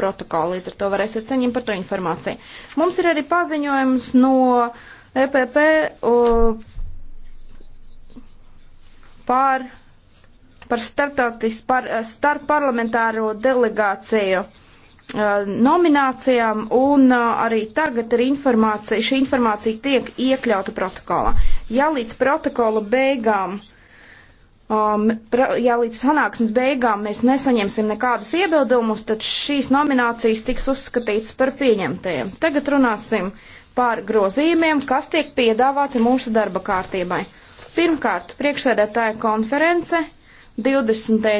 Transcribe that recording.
protokolu, līdz ar to varēsiet saņemt par to informāciju. Mums ir arī paziņojums no EPP uh, par, par, par starpparlamentāro delegāciju e, nominācijām, un e, arī tagad ir informācija, šī informācija tiek iekļauta protokolā. Ja līdz protokola beigām um, ja līdz sanāksmes beigām mēs nesaņemsim nekādus iebildumus, tad šīs nominācijas tiks uzskatītas par pieņemtajiem. Tagad runāsim par grozījumiem, kas tiek piedāvāti mūsu darba kārtībai. Pirmkārt, priekšsēdētāja konference 20.